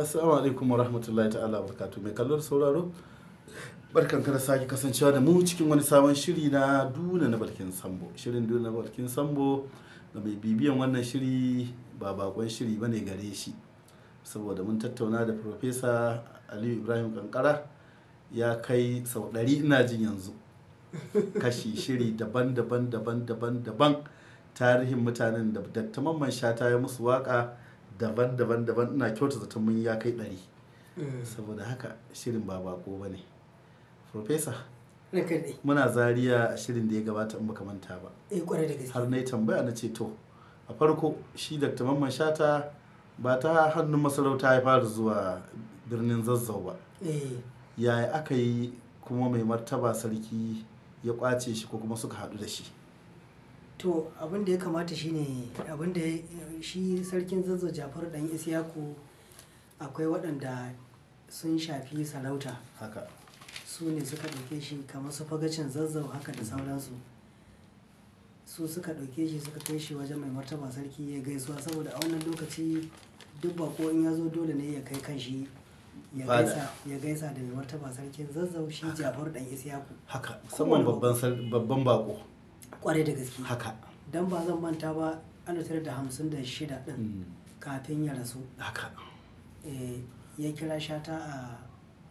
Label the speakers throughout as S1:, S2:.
S1: Assalamu alaikum wa rahmatullahi ta'ala wa barakatuh. Mai kallon sauraro barkan ka da sake kasancewa da mu cikin wani sabon shiri na duna na barkin sambo. Shirin duna na barkin sambo da mai bibiyan wannan shiri ba bakon shiri bane gare shi. Saboda mun tattauna da Profesa Aliyu Ibrahim Kankara ya kai sau ɗari ina jin yanzu. Kashi shiri daban-daban daban-daban daban tarihin mutanen da Dr. Mamman Shata ya musu waka. daban daban daban ina kyauta zaton mun ya kai ɗari mm. saboda haka shirin ba bako ba ne profesa muna zariya shirin da ya gabata in baka manta ba eh, har na yi tambaya na ce to a farko shi dr mamman shata ba ta hannun masarauta ya fara zuwa birnin zazzau ba eh. yaya aka yi kuma mai martaba sarki ya kwace shi ko kuma suka haɗu da shi
S2: to abin da ya kamata shine abin da shi sarkin zazzau Jafar dan isiyaku akwai waɗanda sun shafi sarauta haka su ne suka ɗauke shi kamar su fagacin zazzau haka da mm-hmm. sauransu su suka ɗauke shi suka kai shi wajen mai martaba sarki ya gaisuwa saboda a wannan lokaci duk bako in ya zo dole ne ya kai kan shi ya gaisa da mai martaba sarkin zazzau shi Jafar dan isiyaku haka musamman
S1: babban bako
S2: kwarai da gaske haka dan ba zan manta
S1: ba an da hamsin da shida din
S2: mm. kafin ya rasu haka eh, ya kira shata a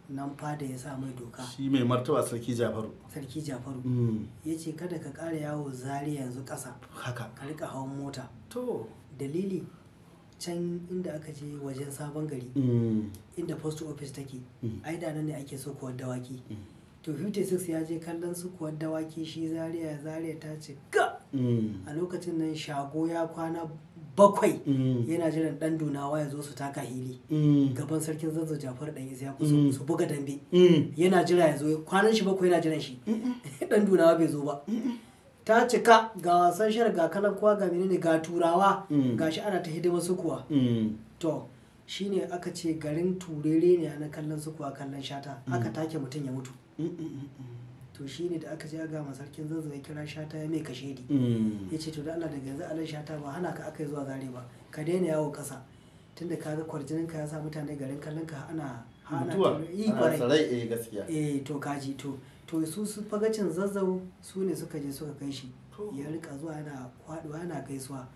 S2: nan fada ya sa mai doka
S1: shi mai martaba sarki jafaru
S2: sarki jafaru mm. ya ce kada ka ƙara yawo zari yanzu ƙasa haka ka rika hawan mota to dalili can inda aka je wajen sabon gari mm. inda post office take ai da nan ne ake so kuwa dawaki to 56 ya je kallon su kuwa dawaki shi zaria ya zaria ta ce ga mm. a lokacin nan shago ya kwana bakwai mm. yana jiran dan dunawa ya zo su taka hili mm. gaban sarkin zanzo jafar dan isa kusa su buga dambe yana jira ya zo kwanan shi bakwai yana jiran shi dan dunawa bai zo ba ta cika ga wasan shirar ga kanan kuwa ga menene ga turawa ga shi ana ta hidima su kuwa to shine aka ce garin turere ne ana kallon su kuwa kallon shata aka take mutum ya mutu to shi ne da aka je ga masarkin zanzu ya kira shata ya mai kashe di mm. ya ce to da Allah daga yanzu alan shata ba hana ka aka yi zuwa zare ba ka daina yawo ƙasa tunda ka ga kwarjinin ka ya sa mutane garin kallon ka ana mutuwa ana sarai eh, gaskiya eh to kaji to to su fagacin zazzau su ne suka je suka kai shi ya rika zuwa yana kwaduwa yana gaisuwa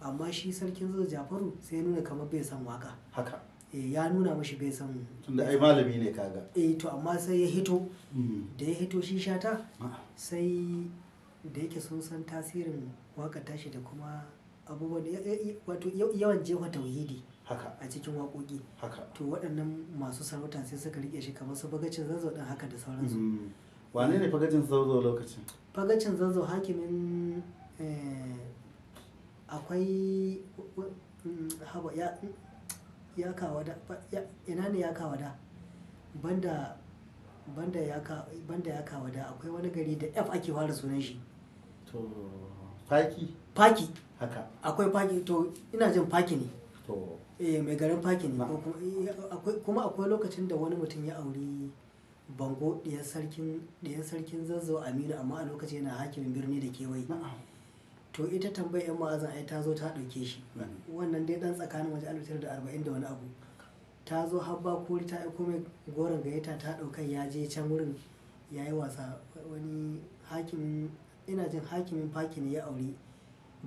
S2: amma shi sarkin jafaru sai nuna kamar bai san waka haka Eh, ya nuna mashi bai san
S1: tunda ai malami ne kaga
S2: eh to amma sai ya hito mm. da ya hito shi shata ah. sai da yake sun san tasirin waka tashi da kuma abubuwan wato yawan jefa tauhidi Haka. a cikin waƙoƙi to waɗannan masu sarauta sai suka rike shi kamar su bagacin zazzau din haka da sauransu mm. wane ne fagacin
S1: zazzau lokacin
S2: fagacin zazzau hakimin eh, akwai mm, haba ya ya ina ne ya kawada banda banda ya ka banda ya kawada akwai wani gari da F ake fara sunan shi to faki faki haka akwai faki to ina jin faki ne to eh mai garin faki ne eh, kuma akwai lokacin da wani mutum ya auri bango ɗiyar sarkin sarkin zazzau aminu amma a lokacin yana hakimin birni da kewaye to ita tambayar yan ma'azin ai ta zo ta ɗauke shi mm. wannan dai ɗan tsakanin waje alif da arba'in da wani abu ta zo habba kori ta aiko mai goron gayyata ta ɗaukan ya je can wurin ya yi wasa wani hakimin ina jin hakimin faki ne ya auri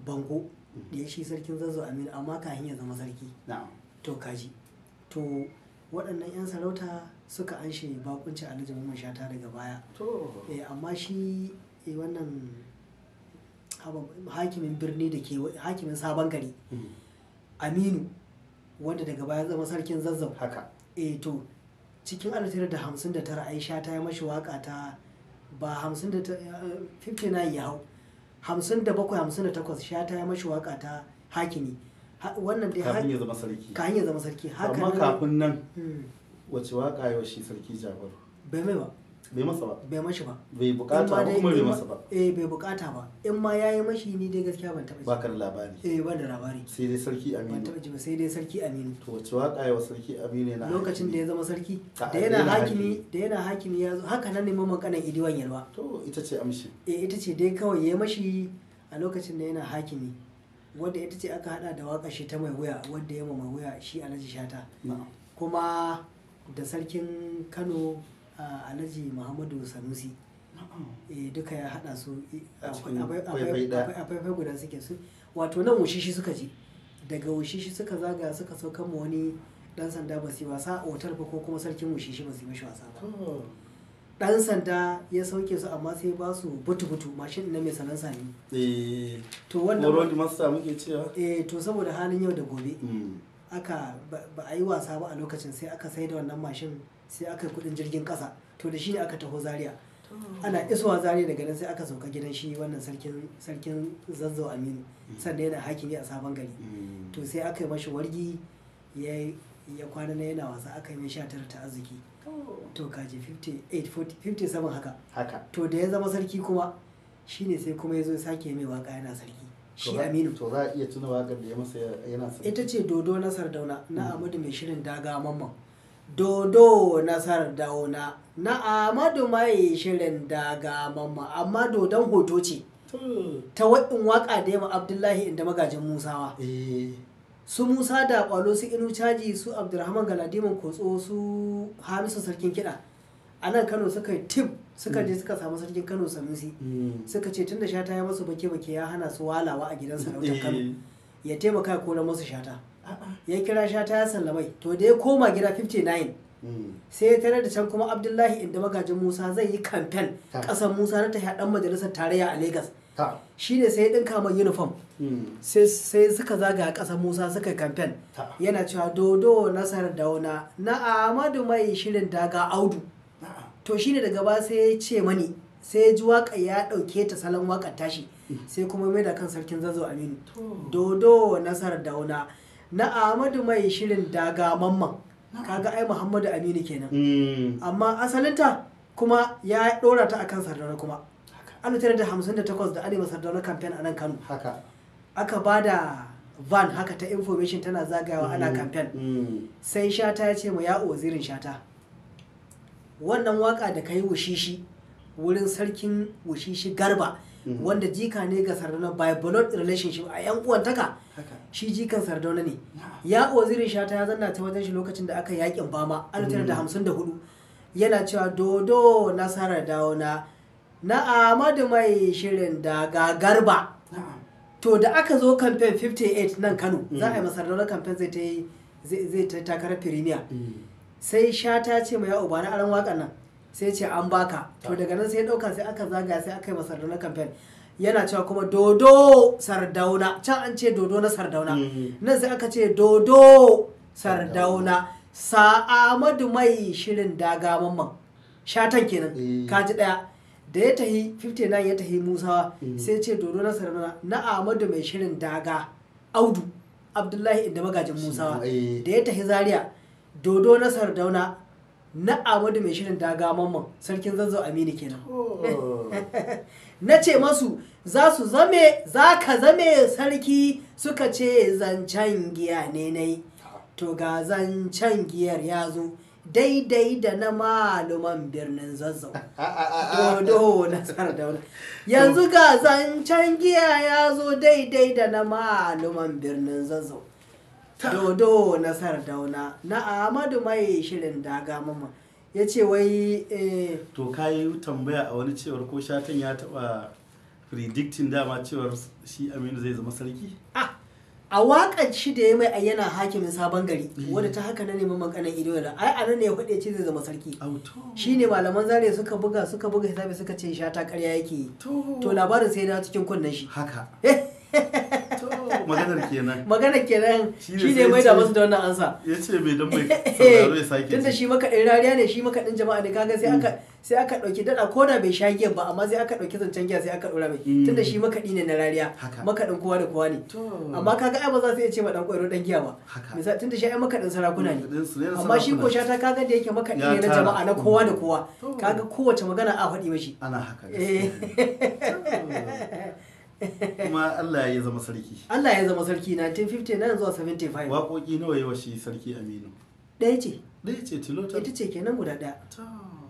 S2: bango mm. da ya shi sarkin zazzau amin amma kahin ya zama sarki to kaji to waɗannan 'yan sarauta suka anshe bakunci alhaji sha ta daga baya eh, amma shi eh, wannan hakimin birni da ke hakimin sabon gari hmm. aminu wanda daga baya zama sarkin zazzau haka e to cikin alif da hamsin da tara aisha ta yi mashi waka ta ba hamsin da 59 ya hau hamsin da bakwai hamsin da takwas sha ta yi mashi waka ta hakimi wannan dai kafin ya zama
S1: sarki kafin
S2: ya zama sarki haka amma kafin nan hmm.
S1: wace waka yau shi sarki jabaru bai mai ba bai masa ba bai mashi ba bai bukata ba kuma bai masa ba
S2: eh bai bukata ba in ma yayi mashi ni dai gaskiya ban taba ba
S1: ka da labari eh ban da labari sai dai sarki aminu ban taba ji ba
S2: sai dai sarki aminu
S1: to wace waka yawa sarki
S2: aminu na lokacin da ya zama sarki da yana hakimi da yana hakimi ya zo haka nan ne mamman kanan idiwan yalwa to ita ce amshi eh ita ce dai kawai yayi mashi a lokacin da yana hakimi wadda ita ce aka hada da waka shi ta mai wuya wadda ya mai wuya shi alhaji shata kuma da sarkin kano alhaji muhammadu sanusi eh, duka ya hada su a faifai guda suke su wato nan wushishi suka je daga wushishi suka zaga suka sauka ma wani dan sanda ba su wasa a otal ba ko kuma sarkin wushishi ba su mashi wasa ba dan sanda ya sauke su amma sai ba su butu-butu mashin na mai sanansa ne.
S1: Eh, to wannan road
S2: master muke cewa eh to saboda halin yau da gobe mm. aka ba a yi wasa ba a lokacin sai aka sai da wannan mashin sai aka kudin jirgin kasa to da shi ne aka taho zaria ana isuwa zaria daga nan sai aka sauka gidan shi wannan sarkin sarkin zazzau aminu mm. sannan yana hakimi a sabon gari mm. to sai aka yi mashi wargi ya kwana na yana wasa aka yi mai sha tara ta arziki to kaji 57 haka haka to da ya zama sarki kuma shine sai kuma ya zo sake mai waka yana sarki shi aminu to
S1: za a iya tuna wakar da ya masa yana sarki
S2: ita ce dodo na sardauna na amadu mai shirin daga mamman dodo nasar dauna na amadu mai shirin daga mamma amma dodon hoto ce hmm. ta wa'in waka da yamma abdullahi inda magajin musawa eh. su musa da kwalo su inu caji su abdulrahman galadiman kotso su hamisu sarkin kiɗa a nan kano suka tip suka je hmm. suka samu sarkin kano sanusi hmm. suka ce tun da ta yi masu bake-bake ya hana su walawa a gidan sarautar kano eh. ya taimaka ko na musu shata ya kira shata ya sallamai to da ya koma gida 59 hmm. sai ya tare da can kuma abdullahi inda magajin musa zai yi kamfen kasan musa na tafiya dan majalisar tarayya a lagos shi ne sai ya dinka mai uniform hmm. sai suka zaga a kasan musa suka yi kamfen yana cewa dodo nasarar dauna na amadu mai shirin daga audu to shine daga ba sai ya ce mani sai ji waka ya ɗauke ta salon wakar tashi sai kuma mai da kan sarkin zazzau aminu dodo nasarar dauna na amadu mai shirin daga mamman kaga ai muhammadu aminu kenan mm. amma asalinta kuma ya dora ta akan sardauna kuma an tare da hamsin da takwas da alima sardauna campaign a nan kano aka ba da van haka ta information tana zagayawa ana kamfen mm. mm. sai shata ya ce mu ya wazirin shata wannan waka da ka yi wushishi wurin sarkin wushishi garba Mhm. wanda jika ne ga sardauna by blood relationship a yan uwantaka shi jikan sardauna ne ya wazirin shata ya zanna ta wajen shi lokacin da aka yakin bama alif da hamsin da hudu mhm. yana cewa dodo nasarar dawo na na amadu mai shirin daga garba to da aka zo kamfen 58 nan kano mhm. za a yi masardauna kamfen zai ta yi takarar firimiya sai shata ce mai ya'o ba na aran wakan nan sai ce an baka to daga nan sai ɗauka sai aka zaga sai aka yi masa na kamfen yana cewa kuma dodo sardauna can an ce dodo na sardauna mm-hmm. nan sai aka ce dodo sardauna sa'amadu mai shirin daga mamman shatan kenan eh. kaji daya da ya tahi 59 ya tahi musawa mm-hmm. sai ce dodo na sardauna na amadu mai shirin daga audu abdullahi inda magajin Musa. Eh. da ya tahi zaria dodo na sardauna na Ahmadu mai shirin daga mamman sarkin zazzau Aminu kenan. Oh. Na ce masu za su zame za ka zame sarki suka ce zancen giya ne nai. To ga zancen giyar ya zo daidai da na maluman birnin zazzau. Dodo na wani. Yanzu ga zancen giya ya zo daidai da na malaman birnin zazzau. dodo na sardauna na ahmadu mai shirin daga mama ya ce wai eh,
S1: to kayi tambaya a wani cewar ko shatan ya taba predicting dama cewar shi aminu zai zama sarki
S2: ah, a waƙar shi da ya mai ayyana hakimin sabon gari eh. wadda ta haka na neman makanan ido da ai anan ne ya faɗe ce zai zama sarki shi ne malaman zare suka buga suka buga hisabi suka ce shata ta ƙarya yake to labarin sai na cikin kunnen shi haka eh. maganar kenan maganar kenan shi ne mai da masu da wannan
S1: ansa ya ce bai dan mai sauraro ya sake tunda shi
S2: makaɗin rariya ne shi makaɗin jama'a ne kaga sai mm. aka sai aka ɗauki daɗa ko da bai sha ba amma sai aka ɗauki zancen giya sai aka ɗora mai mm. tunda shi makaɗi ne na rariya makaɗin kowa da kowa ne amma kaga ai ba za su iya ce ma ɗan ƙwairo ɗan giya ba misali tunda shi ai makaɗin sarakuna ne amma shi ko ta kaga da yake makaɗi ne na jama'a na kowa da mm. kowa kaga kowace magana a faɗi mashi
S1: ana haka eh. kuma Allah ya zama sarki Allah ya zama sarki 1959
S2: zuwa 75 waƙoƙi nawa yawa shi sarki Aminu ɗaya ce ɗaya ce tilota ita ce kenan guda ɗaya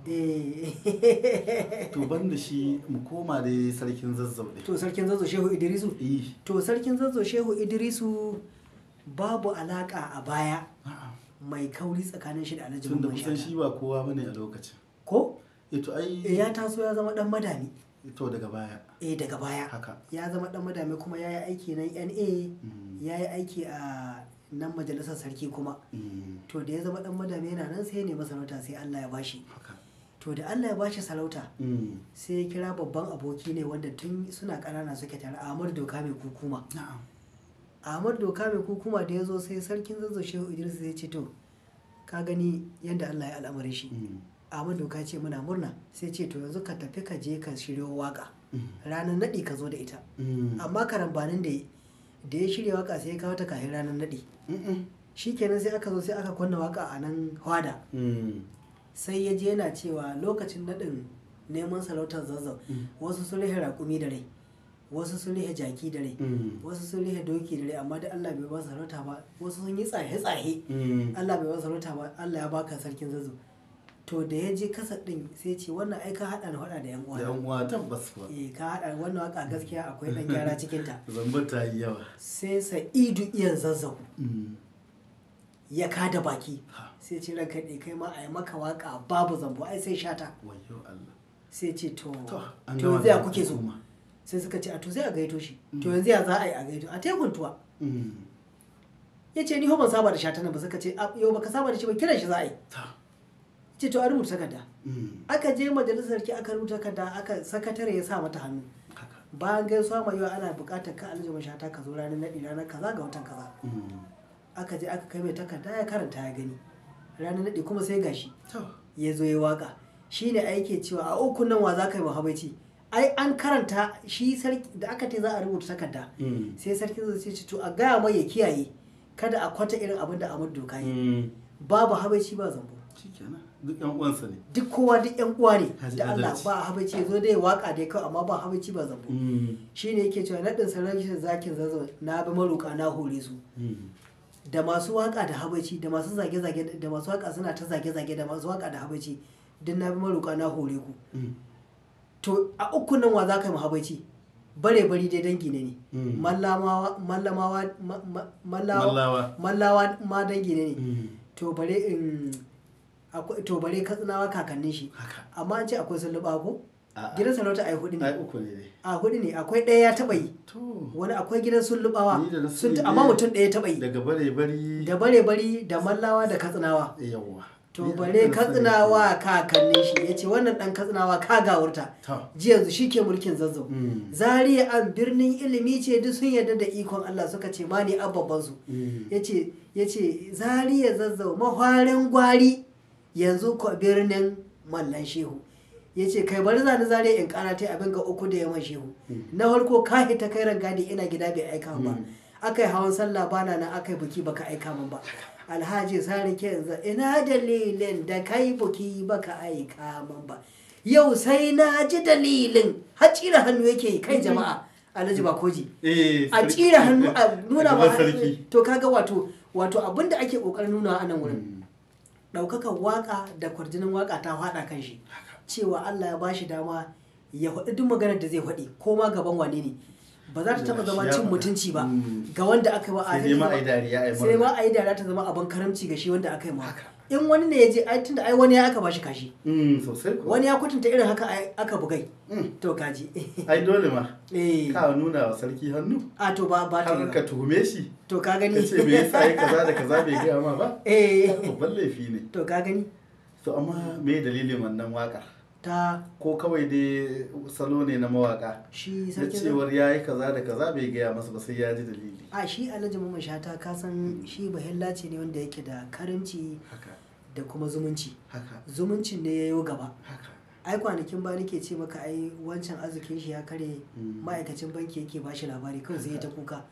S2: eh. to ban da shi mu koma da sarkin zazzau to sarkin zazzau shehu idrisu eh. to sarkin zazzau shehu idrisu babu alaka a baya mai kauri tsakanin shi da alhaji tun tunda kusan
S1: shi ba kowa bane a lokacin ko eh ai ya taso ya zama ɗan madani to daga baya e daga baya haka
S2: ya zama dan madame kuma ya yi aiki na NA mm. yi aiki a nan majalisar sarki kuma mm. to da ya zama dan madame yana nan sai ne masarauta sai Allah ya bashi to da Allah ya bashi sarauta mm. sai ya kira babban aboki ne wanda tun suna ƙanana suke tare amur Doka mai kukuma amur Doka mai kukuma da ya zo sai sarkin zazzau Shehu Idris zai ce to ka gani yadda Allah ya al'amarin shi Amadu ka ce muna murna sai ce to yanzu ka tafi ka je ka shirya waka ranar nadi ka zo da ita mm. amma karambanin da da ya shirya waka sai ya kawo ta kafin ranar naɗi kenan sai aka zo sai aka kunna waka a nan hwada mm. sai ya je yana cewa lokacin naɗin neman sarautar zazzau mm. wasu sun rihe raƙumi da rai wasu sun rihe jaki da rai wasu sun rihe doki da rai amma da Allah bai ba sarauta ba wasu sun yi tsaye tsaye Allah bai ba sarauta ba Allah ya baka sarkin zazzau to da ya je kasa din sai ce wannan ai ka hada hada da yan uwa yan uwa tabbas ko eh ka hada wannan waka gaskiya akwai dan gyara cikin ta zambar ta yi yawa sai sa'idu iyan zazzau mm. ya kada baki sai ce ranka dai kai ma ai maka waka babu zambo ai sai shata wayo Allah sai ce to to yanzu ya kuke so sai suka ce a to zai a gaito shi mm. to yanzu ya za a yi a gaito a tekun tuwa mm. ya ce ni ho ban saba da shata nan ba suka ce yau baka saba da shi ba kiran shi za a yi ce to rubuta takarda mm. aka je majalisar ki aka rubuta kada aka sakatare ya sa mata hannu bayan su mai yawa ana buƙatar ka alhaji mashata ka zo ranar naɗi ranar kaza ga watan kaza mm. aka je aka kai mai takarda ya karanta ya gani ranar naɗi kuma sai gashi ya zo ya waka shine aike cewa a uku nan wa za ka yi muhabbaci ai an karanta shi sarki da aka ce za a rubuta takarda mm. sai sarki zai ce to a gaya mai ya kiyaye kada a kwata irin abin da a doka yi babu habaici ba zambo
S1: duk yan uwansa ne duk kowa
S2: duk yan uwa ne da Allah ba habaci zo dai waka dai kawai amma ba habaci ba zambo mm. shine yake cewa nadin sarautar zakin zazo na bi maruka na hore su mm. da masu waka da habaci da masu zage zage da masu waka suna ta zage zage da masu waka da habaci duk na bi maruka na hore ku mm. to a uku nan wa za ka yi habaci bare bari dai dangi ne ne mallamawa mallamawa mallawa ma dangi ne ne to bare in um, akwai to bare katsinawa kakannin shi amma an ce akwai sun luba ko gidan sarauta ai hudu ne ai uku ne a hudu ne akwai daya ya taɓa yi wani akwai gidan sun lubawa sun amma mutum
S1: daya taɓa yi daga bare bari da bare
S2: bari da mallawa da katsinawa
S1: yawa to bare katsinawa
S2: kakannin shi yace wannan dan katsinawa ka gawurta ji yanzu shi ke mulkin zazzau mm. zariya an birnin ilimi ce duk sun yarda da ikon Allah suka ce ma ni ababban su mm. yace zariya zazzau mahwarin gwari yanzu ko birnin mallan shehu ya ce kai bari zane zare in kara ta abin ga uku da yaman shehu hmm. na farko ka ta kai rangadi ina gida bai aika ba hmm. akai hawan sallah bana na akai buki baka aika min ba alhaji sani ke yanzu ina dalilin da kai buki baka aika min ba yau sai na ji dalilin har cire hannu yake kai jama'a alhaji Koji. Eh, a cire hannu a nuna ba to kaga wato wato abinda ake kokarin nuna a nan wurin hmm. ɗaukakar waka da kwarjinin waka ta haɗa kan shi cewa Allah ya bashi dama ya faɗi duk maganar da zai faɗi ko ma gaban wane ne ba za ta taɓa zama cin mutunci ba mm. ga wanda aka yi wa a yi dariya ta zama abin karamci ga shi wanda aka yi ma in wani ne ya je ai tunda ai wani ya aka bashi kashi mm, wani ya kwatanta irin haka aka bugai mm. to kaji ai dole ma eh.
S1: ka nuna wa sarki hannu a to ba ba har ka tuhume shi
S2: to ka gani ce me yasa ai kaza da kaza bai gaya ma ba
S1: eh babban laifi ne to ka gani to amma me dalilin wannan waka ta ko kawai dai salo ne na mawaka shi sarki cewar yayi kaza da kaza bai gaya masa ba sai ya ji dalili
S2: a shi alhaji mamman shata ka san shi bahilla ce ne wanda yake da karanci. haka da kuma zumunci zumuncin ne ya yi gaba ai kwanakin ba nake ce maka ai wancan arzikin shi ya kare mm. ma'aikacin banki yake ba shi labari kawai zai ta kuka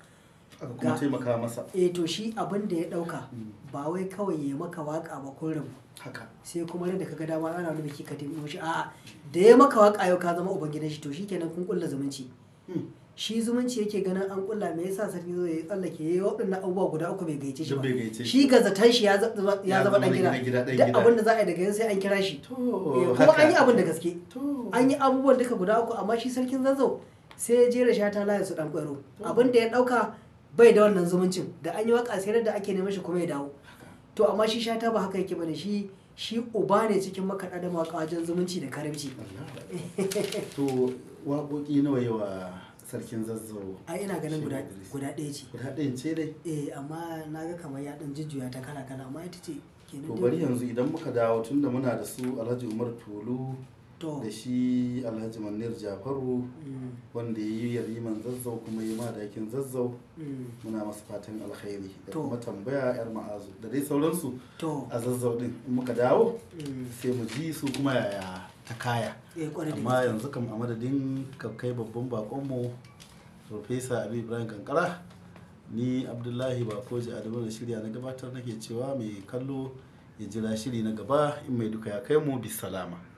S2: kuma taimaka masa eh to shi abin da ya dauka mm. ba wai kawai ya maka waka ba kullum haka sai kuma da kaga dama ana wani biki ka taimako shi a'a da ya maka waka yau ka zama ubangidan shi to shikenan kun kulla zumunci mm. shi zumunci yake ganin an kulla me yasa sarki zo ya tsallake yayi waɗannan abubuwa guda uku bai gaice shi ba shi gazatan shi ya zama dan gida duk abin da za a yi daga yau sai an kira shi eh, kuma an yi abin da gaske an yi abubuwan duka guda uku amma shi sarkin zazzau sai ya jera shata layar su dan kwaro abin da ya dauka bai da wannan zumuncin da an yi waka sai da ake neman shi kuma ya dawo to amma shi shata ba haka yake bane shi shi uba ne cikin makaɗa da mawaƙa wajen zumunci da karamci.
S1: to waƙoƙi nawa yawa sarkin zazzau a ina ganin guda guda ɗaya ce guda ɗaya ce
S2: dai eh amma na ga kamar ya ɗan jujjuya ta kala kala amma ita ce to bari yanzu
S1: idan muka dawo tun da muna da su alhaji umar tolu da shi alhaji manir jafaru mm. wanda ya yi yariman zazzau kuma yi madakin zazzau mm. muna masu fatan alkhairi da kuma tambaya yar ma'azu da dai sauransu a zazzau din muka dawo mm. sai mu ji su kuma yaya ta kaya Eh, amma yanzu kam a madadin kai babban bakonmu profesa abi ibrahim kankara ni abdullahi bakoji a da shirya na gabatar nake cewa mai kallo ya jira shiri na gaba in mai duka ya kai mu bisalama